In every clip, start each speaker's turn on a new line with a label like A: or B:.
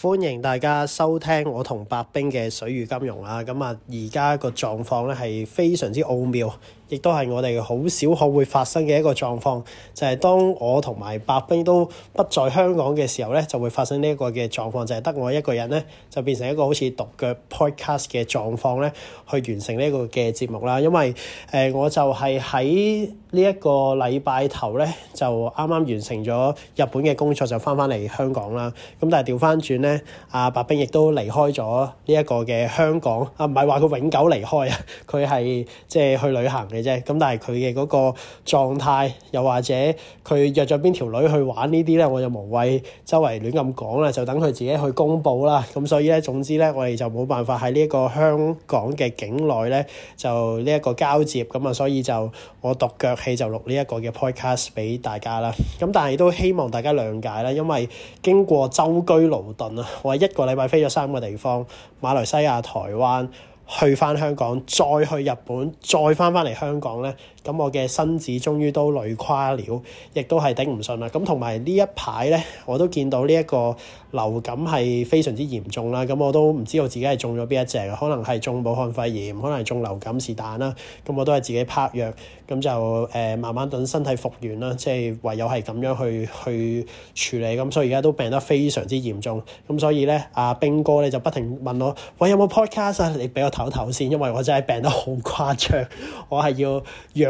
A: 歡迎大家收聽我同白兵嘅水與金融啦。咁啊，而家個狀況咧係非常之奧妙，亦都係我哋好少可會發生嘅一個狀況。就係、是、當我同埋白兵都不在香港嘅時候咧，就會發生呢一個嘅狀況，就係、是、得我一個人咧就變成一個好似獨腳 podcast 嘅狀況咧，去完成呢個嘅節目啦。因為誒、呃，我就係喺，呢一個禮拜頭咧就啱啱完成咗日本嘅工作就翻返嚟香港啦，咁但係調翻轉咧，阿白兵亦都離開咗呢一個嘅香港，啊唔係話佢永久離開啊，佢係即係去旅行嘅啫，咁但係佢嘅嗰個狀態，又或者佢約咗邊條女去玩呢啲咧，我就無謂周圍亂咁講啦，就等佢自己去公佈啦。咁所以咧總之咧，我哋就冇辦法喺呢一個香港嘅境內咧就呢一個交接，咁啊所以就我獨腳，係就錄呢一個嘅 podcast 俾大家啦，咁但係都希望大家諒解啦，因為經過舟車勞頓啊，我一個禮拜飛咗三個地方，馬來西亞、台灣，去翻香港，再去日本，再翻翻嚟香港咧。咁我嘅身子終於都累垮了，亦都係頂唔順啦。咁同埋呢一排咧，我都見到呢一個流感係非常之嚴重啦。咁我都唔知道自己係中咗邊一隻，可能係中武漢肺炎，可能係中流感是但啦。咁我都係自己拍藥，咁就誒、呃、慢慢等身體復原啦。即係唯有係咁樣去去處理。咁所以而家都病得非常之嚴重。咁所以咧，阿、啊、兵哥咧就不停問我：喂，有冇 podcast 啊？你俾我唞唞先，因為我真係病得好誇張，我係要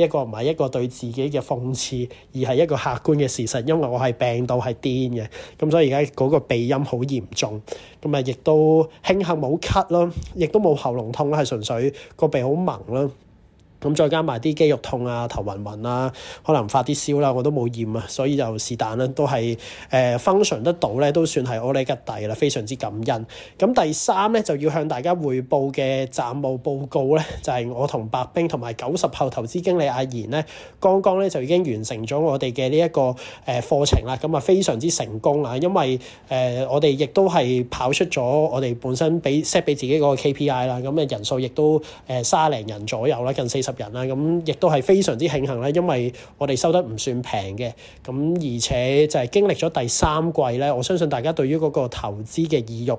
A: 一個唔係一個對自己嘅諷刺，而係一個客觀嘅事實。因為我係病到係癲嘅，咁所以而家嗰個鼻音好嚴重，咁啊亦都慶幸冇咳咯，亦都冇喉嚨痛啦，係純粹個鼻好萌啦。咁再加埋啲肌肉痛啊、頭暈暈啦，可能發啲燒啦，我都冇驗啊，所以就是但啦，都係誒 function 得到咧，都算係 all right 嘅啦，非常之感恩。咁第三咧就要向大家匯報嘅暫務報告咧，就係、是、我同白兵同埋九十後投資經理阿賢咧，剛剛咧就已經完成咗我哋嘅呢一個誒課程啦，咁啊非常之成功啦，因為誒、呃、我哋亦都係跑出咗我哋本身俾 set 俾自己嗰個 KPI 啦，咁啊人數亦都誒卅零人左右啦，近四十。人啦，咁亦都係非常之慶幸啦，因為我哋收得唔算平嘅，咁而且就係經歷咗第三季咧，我相信大家對於嗰個投資嘅意欲，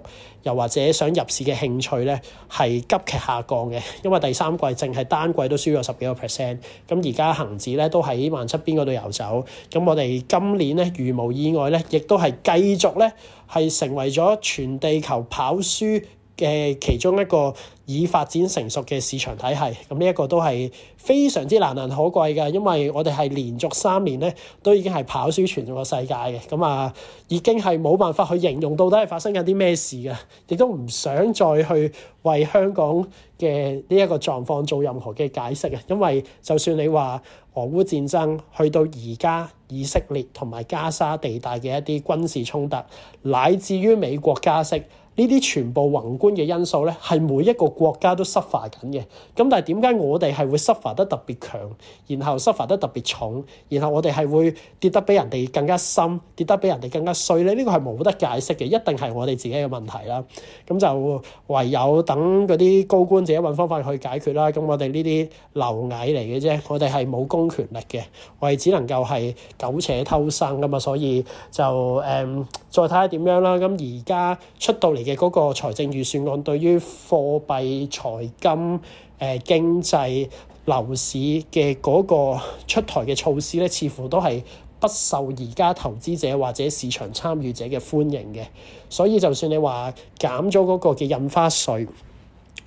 A: 又或者想入市嘅興趣咧，係急劇下降嘅，因為第三季淨係單季都輸咗十幾個 percent，咁而家恒指咧都喺萬七邊嗰度遊走，咁我哋今年咧，如無意外咧，亦都係繼續咧，係成為咗全地球跑輸嘅其中一個已發展成熟嘅市場體系，咁呢一個都係非常之難能可貴嘅，因為我哋係連續三年咧都已經係跑輸全個世界嘅，咁啊已經係冇辦法去形容到底係發生緊啲咩事嘅，亦都唔想再去為香港嘅呢一個狀況做任何嘅解釋啊，因為就算你話俄烏戰爭去到而家，以色列同埋加沙地帶嘅一啲軍事衝突，乃至於美國加息。呢啲全部宏觀嘅因素咧，係每一個國家都 suffer 緊嘅。咁但係點解我哋係會 suffer 得特別強，然後 suffer 得特別重，然後我哋係會跌得比人哋更加深，跌得比人哋更加衰咧？呢個係冇得解釋嘅，一定係我哋自己嘅問題啦。咁就唯有等嗰啲高官自己揾方法去解決啦。咁我哋呢啲螻蟻嚟嘅啫，我哋係冇公權力嘅，我哋只能夠係苟且偷生噶嘛。所以就誒，再睇下點樣啦。咁而家出到嚟嘅嗰個財政預算案對於貨幣財金、誒、呃、經濟樓市嘅嗰個出台嘅措施咧，似乎都係不受而家投資者或者市場參與者嘅歡迎嘅。所以就算你話減咗嗰個嘅印花稅，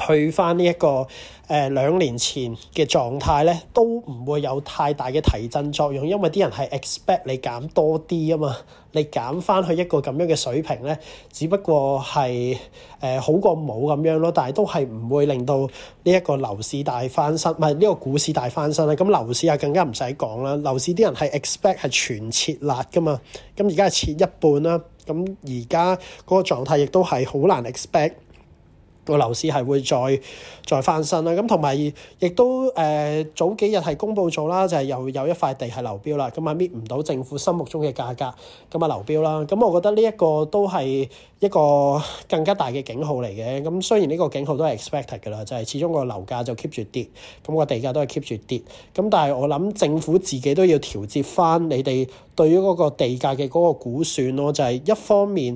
A: 去翻呢一個誒呃、兩年前嘅狀態咧，都唔會有太大嘅提振作用，因為啲人係 expect 你減多啲啊嘛。你減翻去一個咁樣嘅水平咧，只不過係誒、呃、好過冇咁樣咯，但係都係唔會令到呢一個樓市大翻身，唔係，呢個股市大翻身咧。咁樓市啊更加唔使講啦，樓市啲人係 expect 係全撤辣㗎嘛，咁而家係撤一半啦，咁而家嗰個狀態亦都係好難 expect。個樓市係會再再翻身啦，咁同埋亦都誒、呃、早幾日係公佈咗啦，就係、是、又有一塊地係流標啦，咁啊搣唔到政府心目中嘅價格，咁啊流標啦，咁我覺得呢一個都係一個更加大嘅警號嚟嘅，咁雖然呢個警號都係 expected 嘅啦，就係、是、始終個樓價就 keep 住跌，咁、那個地價都係 keep 住跌，咁但係我諗政府自己都要調節返你哋對於嗰個地價嘅嗰個估算咯，就係、是、一方面。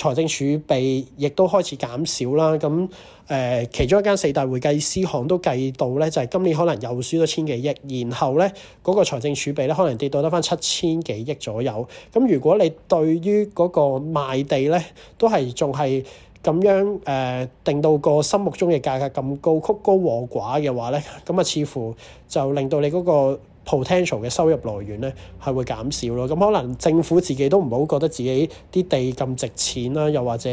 A: 財政儲備亦都開始減少啦。咁誒、呃，其中一間四大會計師行都計到咧，就係、是、今年可能又輸咗千幾億，然後咧嗰、那個財政儲備咧可能跌到得返七千幾億左右。咁如果你對於嗰個賣地咧都係仲係咁樣誒、呃、定到個心目中嘅價格咁高，曲高和寡嘅話咧，咁啊，似乎就令到你嗰、那個。potential 嘅收入來源咧，係會減少咯。咁可能政府自己都唔好覺得自己啲地咁值錢啦，又或者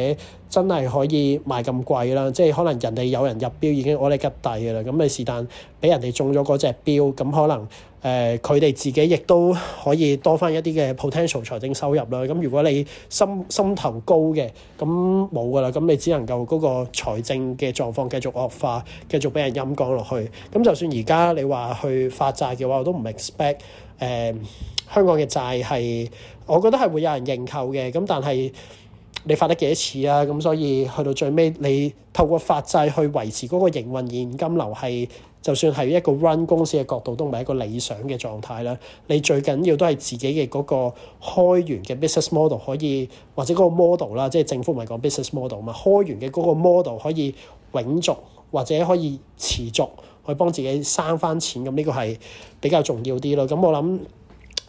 A: 真係可以賣咁貴啦。即係可能人哋有人入標已經，我哋吉底㗎啦。咁咪是但俾人哋中咗嗰隻標，咁可能。誒佢哋自己亦都可以多翻一啲嘅 potential 財政收入啦。咁如果你心心頭高嘅，咁冇噶啦。咁你只能夠嗰個財政嘅狀況繼續惡化，繼續俾人陰降落去。咁就算而家你話去發債嘅話，我都唔 expect 誒、呃、香港嘅債係，我覺得係會有人認購嘅。咁但係。你發得幾多次啊？咁所以去到最尾，你透過法制去維持嗰個營運現金流係，就算係一個 run 公司嘅角度都唔係一個理想嘅狀態啦。你最緊要都係自己嘅嗰個開源嘅 business model 可以，或者嗰個 model 啦，即係政府唔係講 business model 嘛，開源嘅嗰個 model 可以永續或者可以持續去幫自己生翻錢，咁呢個係比較重要啲咯。咁我諗。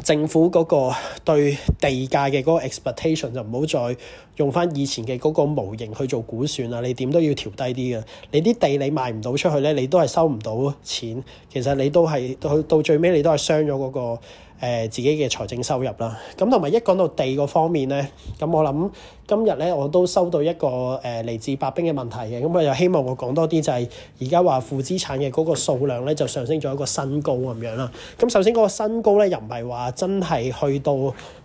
A: 政府嗰個對地價嘅嗰個 expectation 就唔好再用返以前嘅嗰個模型去做估算啦，你點都要調低啲嘅。你啲地你賣唔到出去咧，你都係收唔到錢。其實你都係去到最尾，你都係傷咗嗰個。誒自己嘅財政收入啦，咁同埋一講到地嗰方面咧，咁我諗今日咧我都收到一個誒嚟、呃、自白兵嘅問題嘅，咁我又希望我講多啲，就係而家話負資產嘅嗰個數量咧就上升咗一個新高咁樣啦。咁首先嗰個新高咧又唔係話真係去到。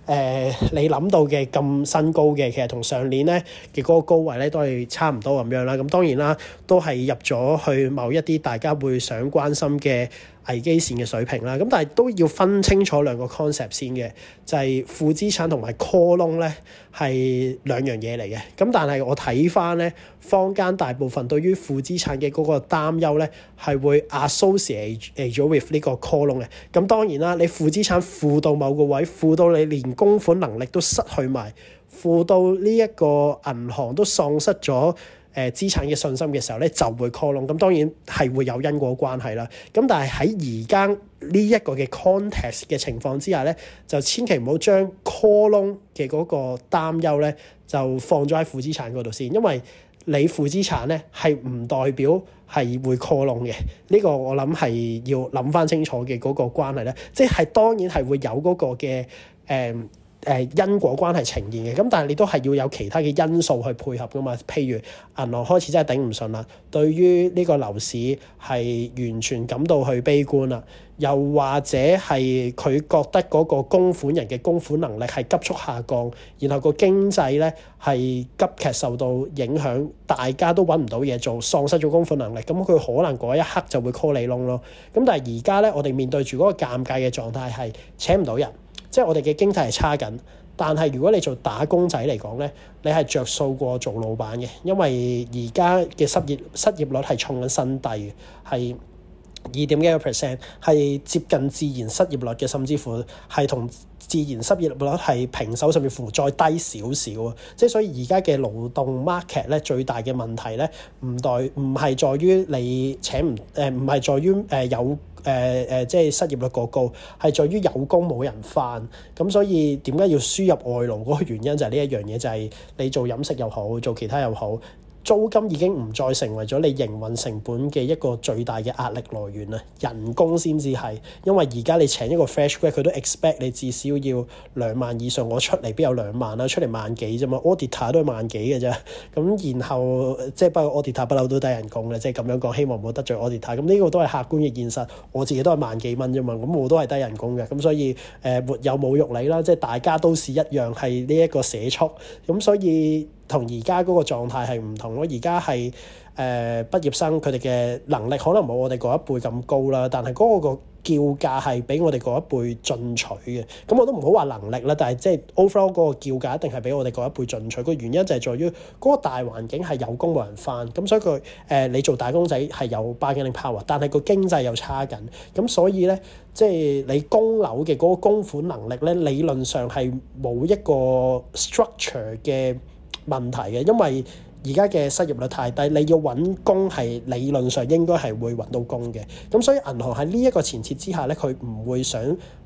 A: 誒、呃，你諗到嘅咁新高嘅，其實同上年咧嘅嗰個高位咧都係差唔多咁樣啦。咁當然啦，都係入咗去某一啲大家會想關心嘅危機線嘅水平啦。咁但係都要分清楚兩個 concept 先嘅，就係、是、負資產同埋 call loan 咧，係兩樣嘢嚟嘅，咁但係我睇翻咧，坊間大部分對於負資產嘅嗰個擔憂咧，係會 associate 咗 with 呢個 call loan 嘅。咁當然啦，你負資產負到某個位，負到你連供款能力都失去埋，負到呢一個銀行都喪失咗。誒、呃、資產嘅信心嘅時候咧，就會 call 窿。咁當然係會有因果關係啦。咁但係喺而家呢一個嘅 context 嘅情況之下咧，就千祈唔好將 call 窿嘅嗰個擔憂咧，就放咗喺負資產嗰度先。因為你負資產咧係唔代表係會 call 窿嘅。呢、呢個我諗係要諗翻清楚嘅嗰個關係咧。即係當然係會有嗰個嘅誒。嗯因果關係呈現嘅，咁但係你都係要有其他嘅因素去配合噶嘛？譬如銀行開始真係頂唔順啦，對於呢個樓市係完全感到去悲觀啦，又或者係佢覺得嗰個供款人嘅供款能力係急速下降，然後個經濟呢係急劇受到影響，大家都揾唔到嘢做，喪失咗供款能力，咁佢可能嗰一刻就會 call 你窿咯。咁但係而家呢，我哋面對住嗰個尷尬嘅狀態係請唔到人。即係我哋嘅經濟係差緊，但係如果你做打工仔嚟講咧，你係着數過做老闆嘅，因為而家嘅失業失業率係創緊新低，係。二點一個 percent 係接近自然失業率嘅，甚至乎係同自然失業率係平手，甚至乎再低少少。啊。即係所以而家嘅勞動 market 咧，最大嘅問題咧，唔在唔係在於你請唔誒唔係在於誒有誒誒即係失業率過高，係在於有工冇人返。咁所以點解要輸入外勞？嗰個原因就係呢一樣嘢，就係、是、你做飲食又好，做其他又好。租金已經唔再成為咗你營運成本嘅一個最大嘅壓力來源啦，人工先至係。因為而家你請一個 fresh grad 佢都 expect 你至少要兩萬以上。我出嚟必有兩萬啊？出嚟萬幾啫嘛，auditor 都係萬幾嘅啫。咁然後即係不過 auditor 不嬲都低人工嘅，即係咁樣講，希望唔好得罪 auditor。咁呢個都係客觀嘅現實。我自己都係萬幾蚊啫嘛，咁我都係低人工嘅。咁所以誒，沒、呃、有侮辱你啦，即係大家都是一樣係呢一個社畜。咁所以。同而家嗰個狀態係唔同咯。而家係誒畢業生佢哋嘅能力可能冇我哋嗰一輩咁高啦，但係嗰個個叫價係比我哋嗰一輩進取嘅。咁我都唔好話能力啦，但係即係 overall 嗰個叫價一定係比我哋嗰一輩進取。個原因就係在於嗰個大環境係有工冇人返咁，所以佢誒你做打工仔係有 bargaining power，但係個經濟又差緊咁，所以咧即係你供樓嘅嗰個供款能力咧，理論上係冇一個 structure 嘅問題嘅，因為。而家嘅失業率太低，你要揾工係理論上應該係會揾到工嘅。咁所以銀行喺呢一個前設之下咧，佢唔會想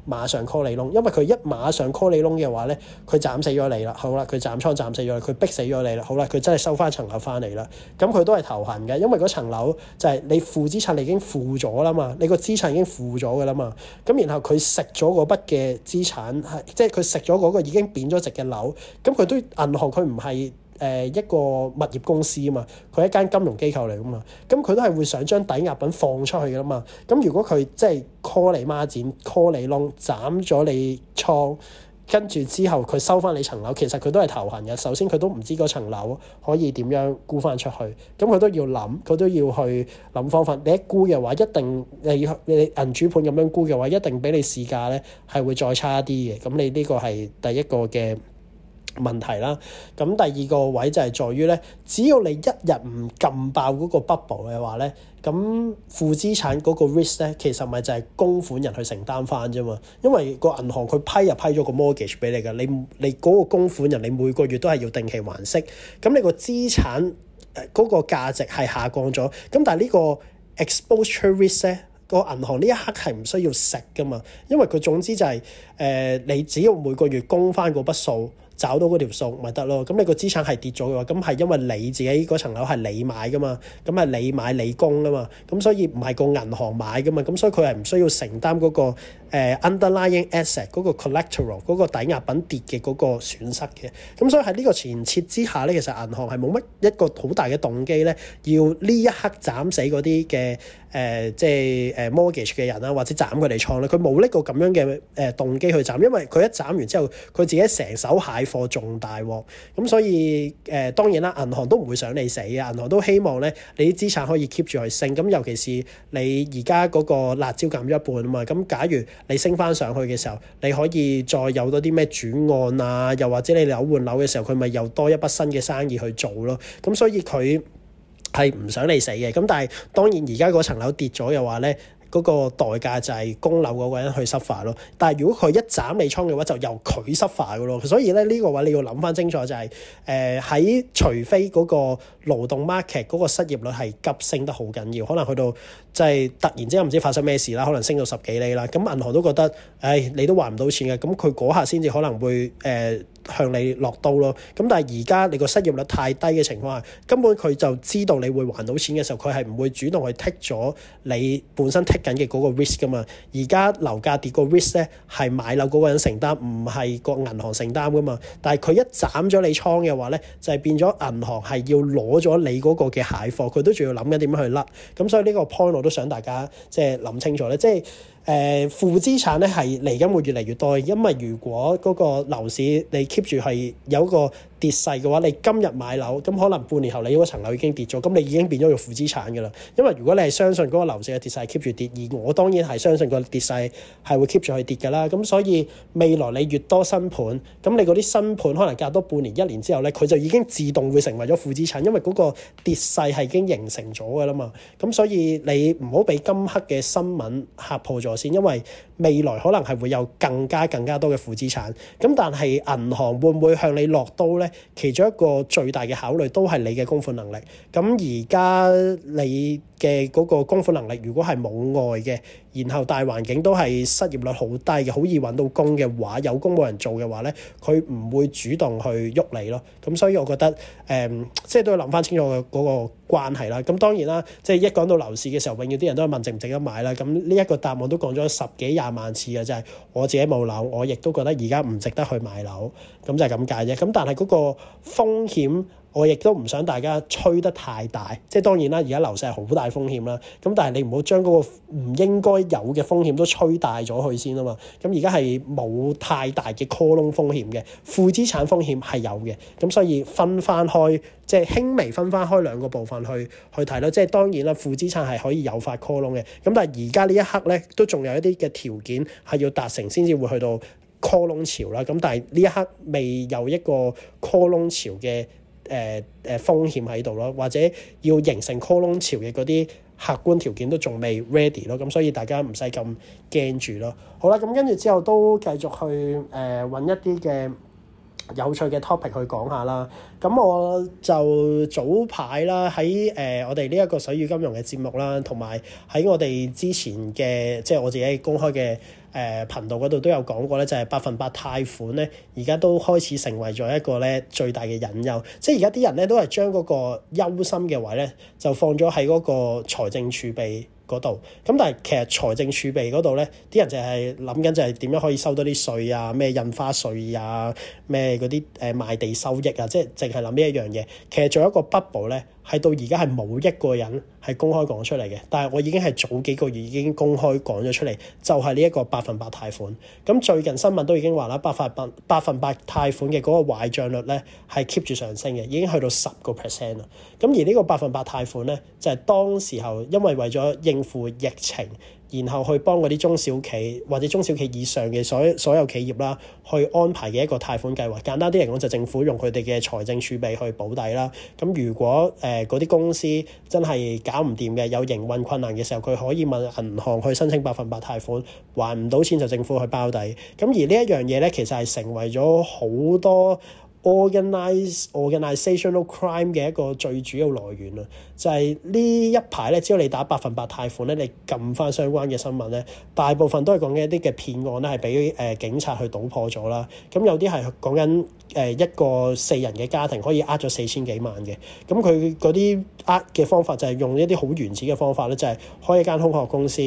A: 馬上 call 你窿，因為佢一馬上 call 你窿嘅話咧，佢斬死咗你啦。好啦，佢斬倉斬死咗你，佢逼死咗你啦。好啦，佢真係收翻層樓翻嚟啦。咁佢都係投行嘅，因為嗰層樓就係、是、你負資產，你已經負咗啦嘛，你個資產已經負咗噶啦嘛。咁然後佢食咗嗰筆嘅資產，係即係佢食咗嗰個已經貶咗值嘅樓，咁佢都銀行佢唔係。誒一個物業公司啊嘛，佢係一間金融機構嚟噶嘛，咁佢都係會想將抵押品放出去噶嘛。咁如果佢即係 call 你孖展、call 你窿、斬咗你倉，跟住之後佢收翻你層樓，其實佢都係頭痕嘅。首先佢都唔知嗰層樓可以點樣沽翻出去，咁佢都要諗，佢都要去諗方法。你一沽嘅話，一定你你銀主盤咁樣沽嘅話，一定俾你市價咧係會再差啲嘅。咁你呢個係第一個嘅問題啦。咁第二個位就係在於咧，只要你一日唔撳爆嗰個 bubble 嘅話咧，咁負資產嗰個 risk 咧，其實咪就係供款人去承擔翻啫嘛。因為個銀行佢批入批咗個 mortgage 俾你嘅，你你嗰個供款人，你每個月都係要定期還息。咁你個資產誒嗰個價值係下降咗，咁但係呢個 exposure risk 咧，個銀行呢一刻係唔需要食噶嘛。因為佢總之就係、是、誒、呃、你只要每個月供翻嗰筆數。找到嗰條數咪得咯，咁你個資產係跌咗嘅話，咁係因為你自己嗰層樓係你買噶嘛，咁係你買你供啊嘛，咁所以唔係個銀行買噶嘛，咁所以佢係唔需要承擔嗰個誒 underlying asset 嗰個 collateral 嗰個抵押品跌嘅嗰個損失嘅。咁所以喺呢個前設之下咧，其實銀行係冇乜一個好大嘅動機咧，要呢一刻斬死嗰啲嘅誒即係誒 mortgage 嘅人啦，或者斬佢哋倉咧，佢冇呢個咁樣嘅誒動機去斬，因為佢一斬完之後，佢自己成手蟹貨仲大鑊咁，所以誒、呃、當然啦，銀行都唔會想你死嘅。銀行都希望咧，你啲資產可以 keep 住去升。咁尤其是你而家嗰個辣招減一半啊嘛。咁假如你升翻上去嘅時候，你可以再有咗啲咩轉案啊，又或者你樓換樓嘅時候，佢咪又多一筆新嘅生意去做咯。咁所以佢係唔想你死嘅。咁但係當然而家嗰層樓跌咗嘅話咧。嗰個代價就係供樓嗰個人去執法咯，但係如果佢一斬你倉嘅話，就由佢執法噶咯。所以咧呢、呢個位你要諗翻清楚、就係，就係誒喺除非嗰個勞動 market 嗰個失業率係急升得好緊要，可能去到即係突然之間唔知發生咩事啦，可能升到十幾釐啦，咁銀行都覺得，唉、哎，你都還唔到錢嘅，咁佢嗰刻先至可能會誒。呃向你落刀咯，咁但係而家你個失業率太低嘅情況下，根本佢就知道你會還到錢嘅時候，佢係唔會主動去剔咗你本身剔緊嘅嗰個 risk 噶嘛。而家樓價跌個 risk 咧係買樓嗰個人承擔，唔係個銀行承擔噶嘛。但係佢一斬咗你倉嘅話咧，就係變咗銀行係要攞咗你嗰個嘅蟹貨，佢都仲要諗緊點樣去甩。咁所以呢個 point 我都想大家即係諗清楚咧，即係。誒、呃、負資產咧係嚟緊會越嚟越多，因為如果嗰個樓市你 keep 住係有個。跌勢嘅話，你今日買樓，咁可能半年後你嗰層樓已經跌咗，咁你已經變咗個負資產㗎啦。因為如果你係相信嗰個樓市嘅跌勢係 keep 住跌，而我當然係相信個跌勢係會 keep 住去跌㗎啦。咁所以未來你越多新盤，咁你嗰啲新盤可能隔多半年一年之後咧，佢就已經自動會成為咗負資產，因為嗰個跌勢係已經形成咗㗎啦嘛。咁所以你唔好俾今刻嘅新聞嚇破咗先，因為未來可能係會有更加更加多嘅負資產。咁但係銀行會唔會向你落刀咧？其中一個最大嘅考慮都係你嘅供款能力。咁而家你嘅嗰個供款能力，如果係冇外嘅。然後大環境都係失業率好低嘅，好易揾到工嘅話，有工冇人做嘅話呢佢唔會主動去喐你咯。咁所以我覺得，誒、嗯，即係都要諗翻清楚嗰個關係啦。咁當然啦，即係一講到樓市嘅時候，永遠啲人都係問值唔值得買啦。咁呢一個答案都講咗十幾廿萬次嘅，就係我自己冇樓，我亦都覺得而家唔值得去買樓。咁就係咁解啫。咁但係嗰個風險。我亦都唔想大家吹得太大，即係當然啦。而家樓市係好大風險啦。咁但係你唔好將嗰個唔應該有嘅風險都吹大咗去先啊嘛。咁而家係冇太大嘅 call loan 風險嘅，負資產風險係有嘅，咁所以分翻開，即係輕微分翻開兩個部分去去睇啦。即係當然啦，負資產係可以誘發 call loan 嘅。咁但係而家呢一刻咧，都仲有一啲嘅條件係要達成先至會去到 call loan 潮啦。咁但係呢一刻未有一個 call loan 潮嘅。誒誒、呃呃、風險喺度咯，或者要形成 call loan 潮嘅嗰啲客觀條件都仲未 ready 咯、呃，咁所以大家唔使咁驚住咯。好、呃、啦，咁跟住之後都繼續去誒搵、呃、一啲嘅有趣嘅 topic 去講下啦。咁、啊、我就早排啦，喺、啊、誒、呃、我哋呢一個水與金融嘅節目啦，同埋喺我哋之前嘅即係我自己公開嘅，誒、呃、頻道嗰度都有講過咧，就係、是、百分百貸款咧，而家都開始成為咗一個咧最大嘅隱憂。即係而家啲人咧都係將嗰個憂心嘅位咧，就放咗喺嗰個財政儲備嗰度。咁但係其實財政儲備嗰度咧，啲人就係諗緊就係點樣可以收多啲稅啊，咩印花稅啊，咩嗰啲誒賣地收益啊，即係淨係諗呢一樣嘢。其實仲有一個 bubble 咧。係到而家係冇一個人係公開講出嚟嘅，但係我已經係早幾個月已經公開講咗出嚟，就係呢一個百分百貸款。咁最近新聞都已經話啦，百分百百分百貸款嘅嗰個壞賬率咧係 keep 住上升嘅，已經去到十個 percent 啦。咁而呢個百分百貸款咧就係、是、當時候因為為咗應付疫情。然後去幫嗰啲中小企或者中小企以上嘅所所有企業啦，去安排嘅一個貸款計劃。簡單啲嚟講，就政府用佢哋嘅財政儲備去補底啦。咁如果誒嗰啲公司真係搞唔掂嘅，有營運困難嘅時候，佢可以問銀行去申請百分百貸款，還唔到錢就政府去包底。咁而呢一樣嘢咧，其實係成為咗好多。organised organisational Organ crime 嘅一個最主要來源啊，就係、是、呢一排咧，只要你打百分百貸款咧，你撳翻相關嘅新聞咧，大部分都係講緊一啲嘅騙案咧，係俾誒警察去搗破咗啦。咁有啲係講緊誒一個四人嘅家庭可以呃咗四千幾萬嘅，咁佢嗰啲呃嘅方法就係用一啲好原始嘅方法咧，就係、是、開一間空殼公司，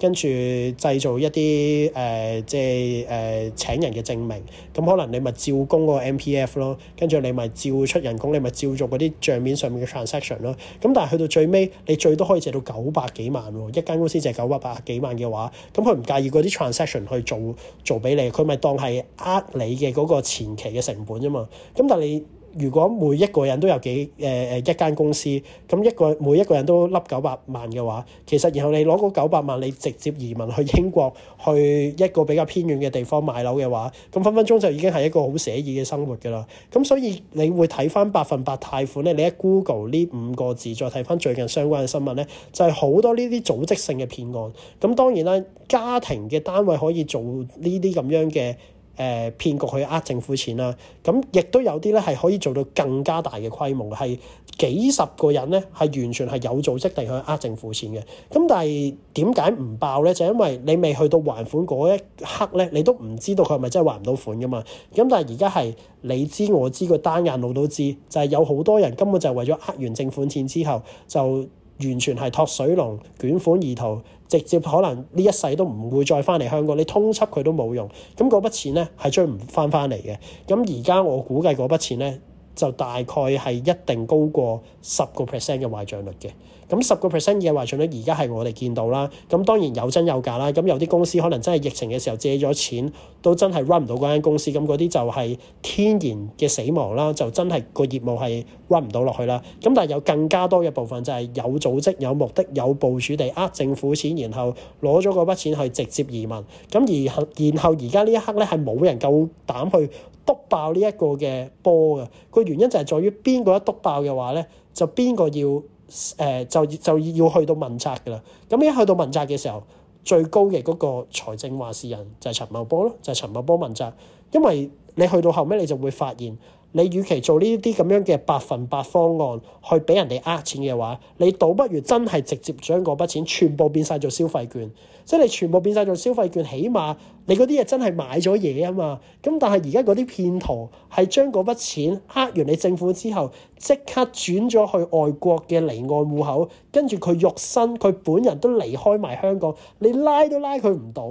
A: 跟住製造一啲誒、呃、即係誒、呃、請人嘅證明，咁可能你咪照供嗰個 MPF。咯，跟住你咪照出人工，你咪照做嗰啲賬面上面嘅 transaction 咯。咁但係去到最尾，你最多可以借到九百幾萬喎。一間公司借九百幾萬嘅話，咁佢唔介意嗰啲 transaction 去做做俾你，佢咪當係呃你嘅嗰個前期嘅成本啫嘛。咁但係。你。如果每一個人都有幾誒誒、呃、一間公司，咁一個每一個人都攞九百萬嘅話，其實然後你攞嗰九百萬，你直接移民去英國，去一個比較偏遠嘅地方買樓嘅話，咁分分鐘就已經係一個好寫意嘅生活㗎啦。咁所以你會睇返百分百貸款咧，你喺 Google 呢五個字，再睇返最近相關嘅新聞咧，就係、是、好多呢啲組織性嘅騙案。咁當然啦，家庭嘅單位可以做呢啲咁樣嘅。誒、呃、騙局去呃政府錢啦、啊，咁亦都有啲咧係可以做到更加大嘅規模，係幾十個人咧係完全係有組織地去呃政府錢嘅。咁但係點解唔爆咧？就因為你未去到還款嗰一刻咧，你都唔知道佢係咪真係還唔到款噶嘛。咁但係而家係你知我知個單眼佬都知，就係、是、有好多人根本就係為咗呃完政府錢之後就。完全係托水龍捲款而逃，直接可能呢一世都唔會再返嚟香港。你通緝佢都冇用，咁嗰筆錢咧係追唔返返嚟嘅。咁而家我估計嗰筆錢咧就大概係一定高過十個 percent 嘅壞賬率嘅。咁十個 percent 嘅壞賬率，而家係我哋見到啦。咁當然有真有假啦。咁有啲公司可能真係疫情嘅時候借咗錢，都真係 run 唔到嗰間公司。咁嗰啲就係天然嘅死亡啦，就真係個業務係 run 唔到落去啦。咁但係有更加多嘅部分就係有組織、有目的、有部署地呃政府錢，然後攞咗嗰筆錢去直接移民。咁而然後而家呢一刻咧，係冇人夠膽去篤爆呢一個嘅波㗎。個原因就係在於邊個一篤爆嘅話咧，就邊個要。誒、呃、就就要去到問責㗎喇，咁一去到問責嘅時候，最高嘅嗰個財政話事人就係陳茂波咯，就係、是、陳茂波問責，因為你去到後尾你就會發現，你與其做呢啲咁樣嘅百分百方案去俾人哋呃錢嘅話，你倒不如真係直接將嗰筆錢全部變晒做消費券。即係你全部變晒做消費券，起碼你嗰啲嘢真係買咗嘢啊嘛！咁但係而家嗰啲騙徒係將嗰筆錢呃完你政府之後，即刻轉咗去外國嘅離岸戶口，跟住佢肉身佢本人都離開埋香港，你拉都拉佢唔到。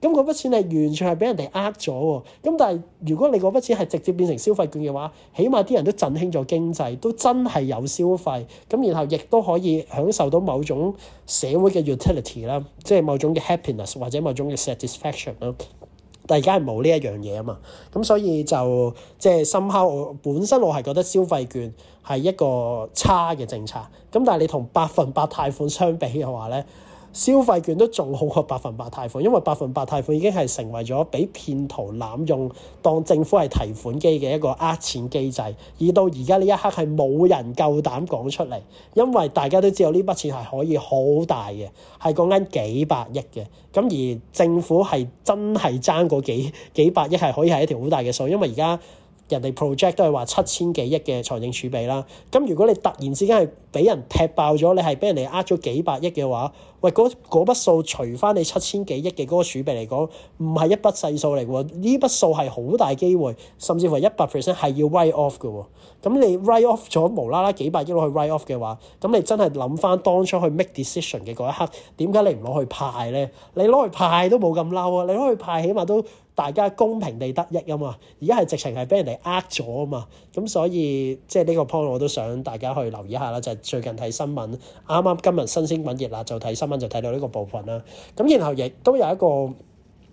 A: 咁嗰筆錢係完全係俾人哋呃咗喎。咁但係如果你嗰筆錢係直接變成消費券嘅話，起碼啲人都振興咗經濟，都真係有消費。咁然後亦都可以享受到某種社會嘅 utility 啦，即係某種嘅 happiness 或者某種嘅 satisfaction 囉，但而家係冇呢一樣嘢啊嘛，咁所以就即係深刻。我本身我係覺得消費券係一個差嘅政策咁，但係你同百分百貸款相比嘅話咧。消費券都仲好過百分百貸款，因為百分百貸款已經係成為咗俾騙徒濫用，當政府係提款機嘅一個呃錢機制。而到而家呢一刻係冇人夠膽講出嚟，因為大家都知道呢筆錢係可以好大嘅，係講緊幾百億嘅。咁而政府係真係爭過幾幾百億係可以係一條好大嘅數，因為而家人哋 project 都係話七千幾億嘅財政儲備啦。咁如果你突然之間係俾人劈爆咗，你係俾人哋呃咗幾百億嘅話，喂，嗰嗰、哎、筆數除翻你七千幾億嘅嗰個儲備嚟講，唔係一筆細數嚟喎，呢筆數係好大機會，甚至乎一百 percent 係要 write off 嘅喎。咁你 write off 咗無啦啦幾百億落去 write off 嘅話，咁你真係諗翻當初去 make decision 嘅嗰一刻，點解你唔攞去派咧？你攞去派都冇咁嬲啊！你攞去派起碼都大家公平地得益噶嘛。而家係直情係俾人哋呃咗啊嘛。咁所以即係呢個 point 我都想大家去留意下啦。就係、是、最近睇新聞，啱啱今日新鮮滾熱辣就睇新。就睇到呢個部分啦，咁然後亦都有一個。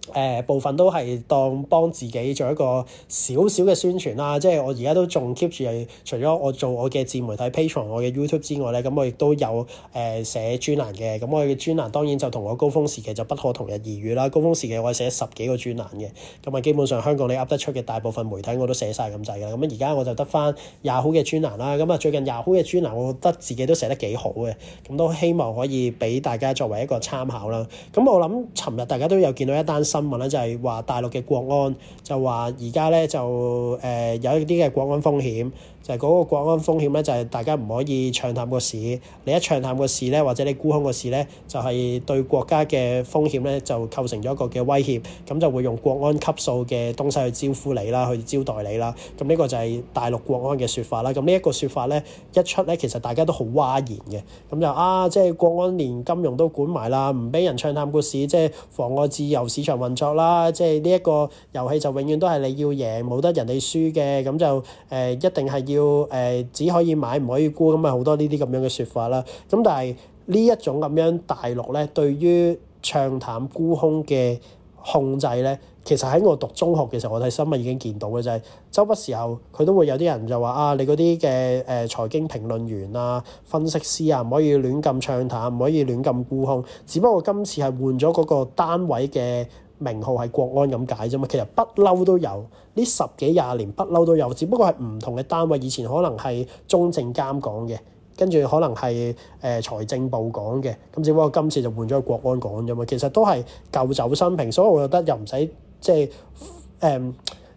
A: 誒、呃、部分都係當幫自己做一個少少嘅宣傳啦，即係我而家都仲 keep 住除咗我做我嘅自媒體 Patreon 我嘅 YouTube 之外咧，咁我亦都有誒、呃、寫專欄嘅。咁我嘅專欄當然就同我高峰時期就不可同日而語啦。高峰時期我寫十幾個專欄嘅，咁啊基本上香港你噏得出嘅大部分媒體我都寫晒咁滯嘅，咁而家我就得翻廿好嘅專欄啦。咁啊最近廿好嘅專欄我覺得自己都寫得幾好嘅，咁都希望可以俾大家作為一個參考啦。咁我諗尋日大家都有見到一單新。新聞咧就係、是、話大陸嘅國安就話而家咧就誒、呃、有一啲嘅國安風險。就係嗰個國安風險咧，就係、是、大家唔可以唱淡個市，你一唱淡個市咧，或者你沽空個市咧，就係、是、對國家嘅風險咧，就構成咗一個嘅威脅，咁就會用國安級數嘅東西去招呼你啦，去招待你啦。咁呢個就係大陸國安嘅説法啦。咁呢一個説法咧，一出咧，其實大家都好嘩然嘅。咁就啊，即、就、係、是、國安連金融都管埋啦，唔俾人唱淡個市，即係妨礙自由市場運作啦。即係呢一個遊戲就永遠都係你要贏，冇得人哋輸嘅。咁就誒、呃，一定係。要誒、呃、只可以買唔可以沽，咁咪好多呢啲咁樣嘅説法啦。咁但係呢一種咁樣大陸咧，對於唱淡沽空嘅控制咧，其實喺我讀中學嘅時候，我睇新聞已經見到嘅就係、是，周不時候佢都會有啲人就話啊，你嗰啲嘅誒財經評論員啊、分析師啊，唔可以亂咁唱淡，唔可以亂咁沽空。只不過今次係換咗嗰個單位嘅。名號係國安咁解啫嘛，其實不嬲都有，呢十幾廿年不嬲都有，只不過係唔同嘅單位。以前可能係中證監講嘅，跟住可能係誒財政部講嘅，咁只不過今次就換咗國安講啫嘛。其實都係舊酒新瓶，所以我覺得又唔使即係誒、嗯、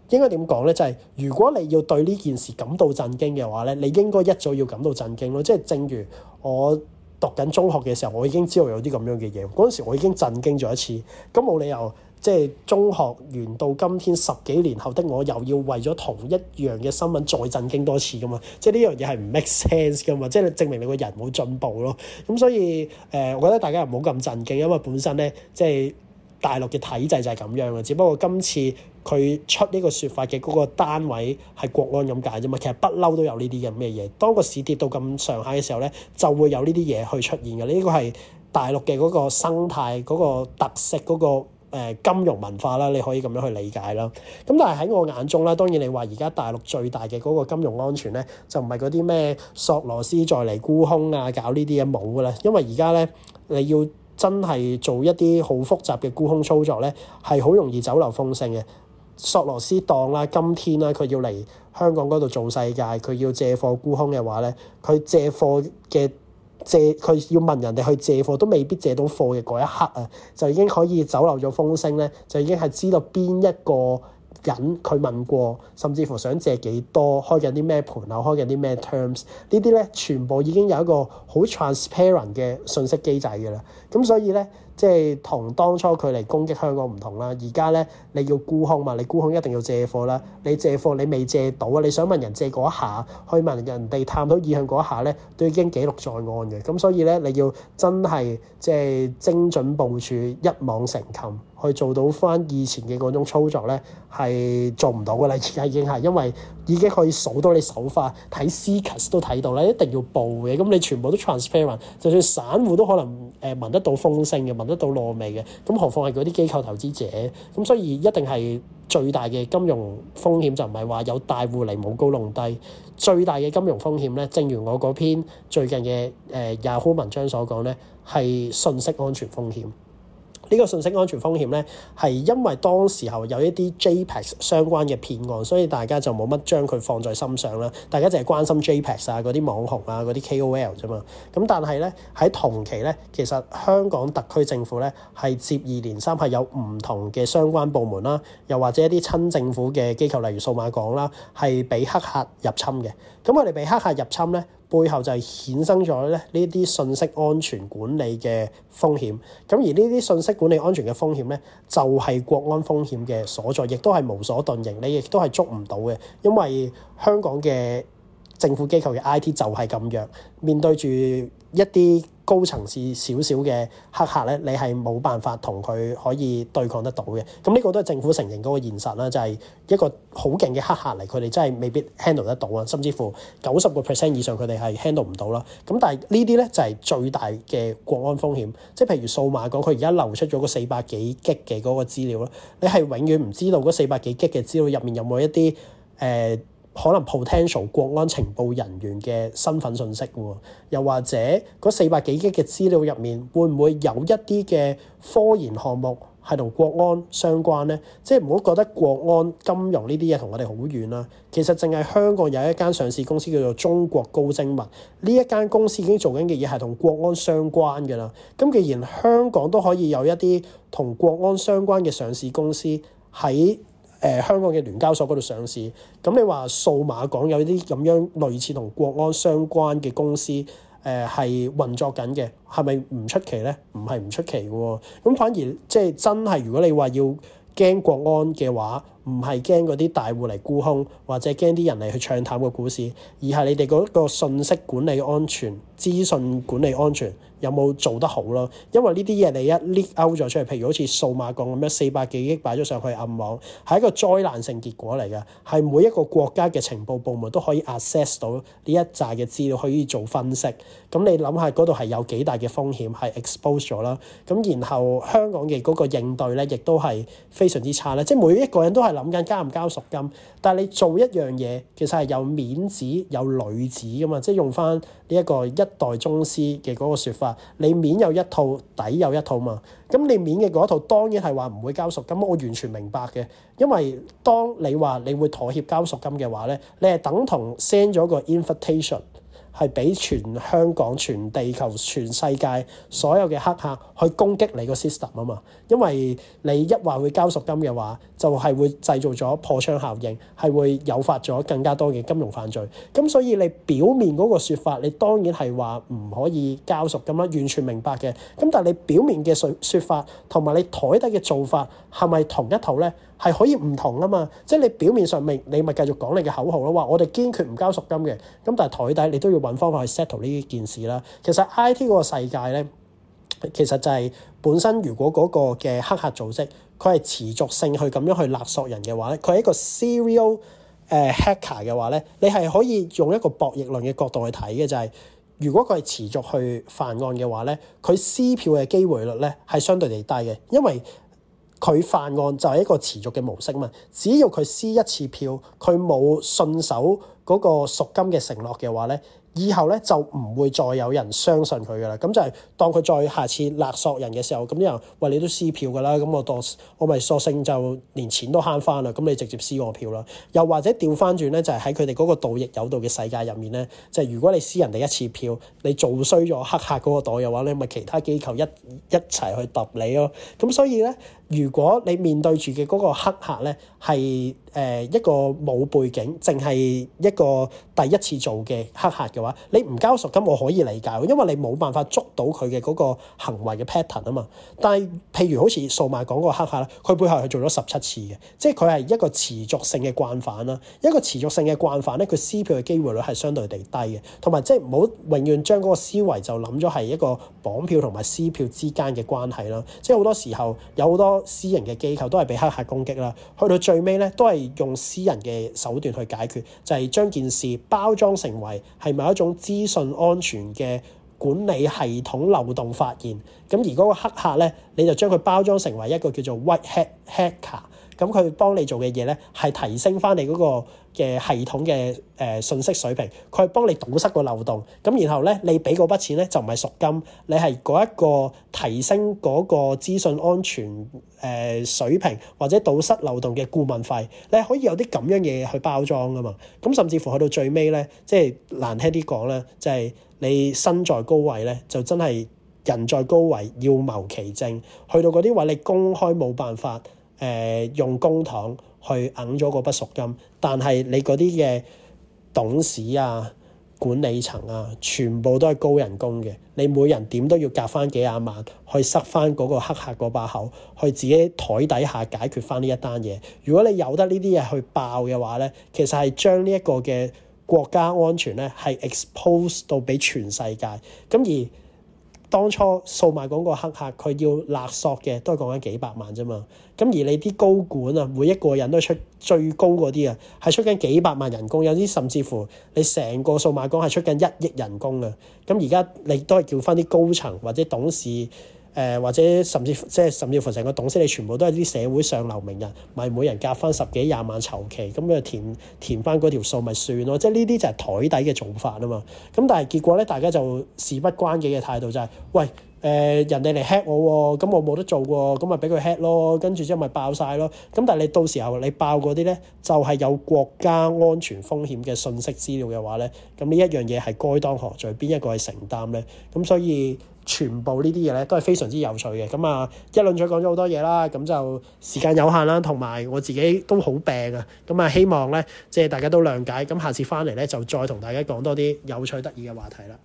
A: 應該點講咧？就係、是、如果你要對呢件事感到震驚嘅話咧，你應該一早要感到震驚咯。即係正如我讀緊中學嘅時候，我已經知道有啲咁樣嘅嘢，嗰陣時我已經震驚咗一次，咁冇理由。即係中學完到今天十幾年後的我，又要為咗同一樣嘅新聞再震驚多次噶嘛？即係呢樣嘢係唔 make sense 噶嘛？即係證明你個人冇進步咯。咁所以誒、呃，我覺得大家唔好咁震驚，因為本身咧，即係大陸嘅體制就係咁樣嘅。只不過今次佢出呢個説法嘅嗰個單位係國安咁解啫嘛。其實不嬲都有呢啲嘅咩嘢。當個市跌到咁上下嘅時候咧，就會有呢啲嘢去出現嘅。呢、呢個係大陸嘅嗰個生態嗰、嗰個特色嗰、嗰個。誒，金融文化啦，你可以咁樣去理解啦。咁但係喺我眼中啦，當然你話而家大陸最大嘅嗰個金融安全咧，就唔係嗰啲咩索羅斯再嚟沽空啊，搞呢啲嘢冇嘅啦。因為而家咧，你要真係做一啲好複雜嘅沽空操作咧，係好容易走漏風聲嘅。索羅斯當啦，今天啦，佢要嚟香港嗰度做世界，佢要借貨沽空嘅話咧，佢借貨嘅。借，佢要問人哋去借貨，都未必借到貨嘅嗰一刻啊，就已經可以走漏咗風聲咧，就已經係知道邊一個人佢問過，甚至乎想借幾多，開緊啲咩盤口，開緊啲咩 terms，呢啲咧全部已經有一個好 transparent 嘅信息機制嘅啦。咁所以咧。即係同當初佢嚟攻擊香港唔同啦，而家咧你要沽空嘛，你沽空一定要借貨啦，你借貨你未借到啊，你想問人借嗰一下，去問人哋探討意向嗰一下咧，都已經記錄在案嘅，咁所以咧你要真係即係精準部署，一網成擒。去做到翻以前嘅嗰種操作咧，係做唔到㗎啦，而家已經係因為已經可以數到你手法，睇 Cus 都睇到咧，一定要報嘅。咁你全部都 transparent，就算散戶都可能誒聞得到風聲嘅，聞得到落味嘅。咁何況係嗰啲機構投資者？咁所以一定係最大嘅金融風險就唔係話有大戶嚟舞高弄低，最大嘅金融風險咧，正如我嗰篇最近嘅誒 Yahoo 文章所講咧，係信息安全風險。呢個信息安全風險咧，係因為當時候有一啲 JPEX 相關嘅騙案，所以大家就冇乜將佢放在心上啦。大家淨係關心 JPEX 啊、嗰啲網紅啊、嗰啲 KOL 啫嘛。咁但係咧，喺同期咧，其實香港特區政府咧係接二連三係有唔同嘅相關部門啦，又或者一啲親政府嘅機構，例如數碼港啦，係畀黑客入侵嘅。咁我哋畀黑客入侵咧？背後就係衍生咗咧呢啲信息安全管理嘅風險，咁而呢啲信息管理安全嘅風險咧，就係國安風險嘅所在，亦都係無所遁形，你亦都係捉唔到嘅，因為香港嘅政府機構嘅 IT 就係咁樣，面對住一啲高層次少少嘅黑客咧，你係冇辦法同佢可以對抗得到嘅。咁呢個都係政府承認嗰個現實啦，就係、是、一個好勁嘅黑客嚟，佢哋真係未必 handle 得到啊，甚至乎九十個 percent 以上佢哋係 handle 唔到啦。咁但係呢啲咧就係、是、最大嘅國安風險，即係譬如數碼港，佢而家流出咗個四百幾 G 嘅嗰個資料咯，你係永遠唔知道嗰四百幾 G 嘅資料入面有冇一啲誒。呃可能 potential 國安情報人員嘅身份信息喎，又或者嗰四百幾億嘅資料入面，會唔會有一啲嘅科研項目係同國安相關咧？即係唔好覺得國安金融呢啲嘢同我哋好遠啦。其實淨係香港有一間上市公司叫做中國高精密呢一間公司已經做緊嘅嘢係同國安相關㗎啦。咁既然香港都可以有一啲同國安相關嘅上市公司喺誒、呃、香港嘅聯交所嗰度上市，咁你話數碼港有啲咁樣類似同國安相關嘅公司，誒、呃、係運作緊嘅，係咪唔出奇咧？唔係唔出奇嘅喎、哦，咁反而即係、就是、真係，如果你話要驚國安嘅話。唔係驚嗰啲大戶嚟，沽空，或者驚啲人嚟去唱淡個股市，而係你哋嗰個信息管理安全、資訊管理安全有冇做得好咯？因為呢啲嘢你一 leak out 咗出嚟，譬如好似數碼港咁樣四百幾億擺咗上去暗網，係一個災難性結果嚟嘅，係每一個國家嘅情報部門都可以 access 到呢一紮嘅資料，可以做分析。咁你諗下嗰度係有幾大嘅風險係 exposure 啦。咁然後香港嘅嗰個應對咧，亦都係非常之差咧。即係每一個人都係。諗緊交唔交贖金，但係你做一樣嘢，其實係有面子有裏子㗎嘛，即係用返呢一個一代宗師嘅嗰個説法，你面有一套，底有一套嘛。咁你面嘅嗰一套當然係話唔會交贖金，我完全明白嘅，因為當你話你會妥協交贖金嘅話咧，你係等同 send 咗個 invitation。係俾全香港、全地球、全世界所有嘅黑客去攻擊你個 system 啊嘛，因為你一話會交贖金嘅話，就係會製造咗破窗效應，係會誘發咗更加多嘅金融犯罪。咁所以你表面嗰個說法，你當然係話唔可以交贖金啦，完全明白嘅。咁但係你表面嘅說說法同埋你台底嘅做法係咪同一套咧？係可以唔同啊嘛！即係你表面上未，你咪繼續講你嘅口號咯。話我哋堅決唔交贖金嘅。咁但係枱底你都要揾方法去 settle 呢件事啦。其實 IT 嗰個世界咧，其實就係、是、本身如果嗰個嘅黑客組織佢係持續性去咁樣去勒索人嘅話咧，佢係一個 serial 誒 hacker 嘅話咧，你係可以用一個博弈論嘅角度去睇嘅，就係、是、如果佢係持續去犯案嘅話咧，佢撕票嘅機會率咧係相對嚟低嘅，因為。佢犯案就係一個持續嘅模式嘛。只要佢撕一次票，佢冇信守嗰個贖金嘅承諾嘅話咧，以後咧就唔會再有人相信佢噶啦。咁就係、是、當佢再下次勒索人嘅時候，咁啲人話喂，你都撕票噶啦，咁我當我咪索性就連錢都慳翻啦。咁你直接撕我票啦，又或者調翻轉咧，就係喺佢哋嗰個盜亦有道嘅世界入面咧，就係、是、如果你撕人哋一次票，你做衰咗黑客嗰個袋嘅話咧，咪其他機構一一齊去揼你咯。咁所以咧。如果你面對住嘅嗰個黑客咧，係誒、呃、一個冇背景，淨係一個第一次做嘅黑客嘅話，你唔交贖金我可以理解，因為你冇辦法捉到佢嘅嗰個行為嘅 pattern 啊嘛。但係譬如好似數碼講嗰個黑客咧，佢背後佢做咗十七次嘅，即係佢係一個持續性嘅慣犯啦。一個持續性嘅慣犯咧，佢撕票嘅機會率係相對地低嘅，同埋即係唔好永遠將嗰個思維就諗咗係一個綁票同埋撕票之間嘅關係啦。即係好多時候有好多。私人嘅機構都係畀黑客攻擊啦，去到最尾咧都係用私人嘅手段去解決，就係、是、將件事包裝成為係某一種資訊安全嘅管理系統漏洞發現，咁而嗰個黑客咧，你就將佢包裝成為一個叫做 white hat hacker。咁佢幫你做嘅嘢咧，係提升翻你嗰個嘅系統嘅誒信息水平。佢幫你堵塞個漏洞，咁然後咧，你俾嗰筆錢咧就唔係贖金，你係嗰一個提升嗰個資訊安全誒水平或者堵塞漏洞嘅顧問費。你係可以有啲咁樣嘢去包裝噶嘛。咁甚至乎去到最尾咧，即係難聽啲講咧，就係你身在高位咧，就真係人在高位要謀其政，去到嗰啲位你公開冇辦法。誒、呃、用公帑去揞咗個不贖金，但係你嗰啲嘅董事啊、管理層啊，全部都係高人工嘅。你每人點都要夾翻幾廿萬去塞翻嗰個黑客嗰把口，去自己台底下解決翻呢一單嘢。如果你有得呢啲嘢去爆嘅話咧，其實係將呢一個嘅國家安全咧係 expose 到俾全世界。咁而當初數碼港個黑客佢要勒索嘅都係講緊幾百萬啫嘛，咁而你啲高管啊，每一個人都係出最高嗰啲啊，係出緊幾百萬人工，有啲甚至乎你成個數碼港係出緊一億人工啊，咁而家你都係叫翻啲高層或者董事。誒、呃、或者甚至、呃、甚至乎，即係甚至乎成個董事你全部都係啲社會上流名人，咪每人夾翻十幾廿萬籌旗，咁啊填填翻嗰條數咪算咯，即係呢啲就係枱底嘅做法啊嘛。咁但係結果咧，大家就事不關己嘅態度就係、是，喂誒、呃、人哋嚟 hack 我喎、哦，咁我冇得做喎、哦，咁咪俾佢 hack a 咯。跟住之後咪爆晒咯。咁但係你到時候你爆嗰啲咧，就係、是、有國家安全風險嘅信息資料嘅話咧，咁呢一樣嘢係該當何罪？邊一個係承擔咧？咁所以。全部呢啲嘢咧都係非常之有趣嘅，咁啊一輪嘴講咗好多嘢啦，咁就時間有限啦，同埋我自己都好病啊，咁啊希望咧即係大家都諒解，咁下次翻嚟咧就再同大家講多啲有趣得意嘅話題啦。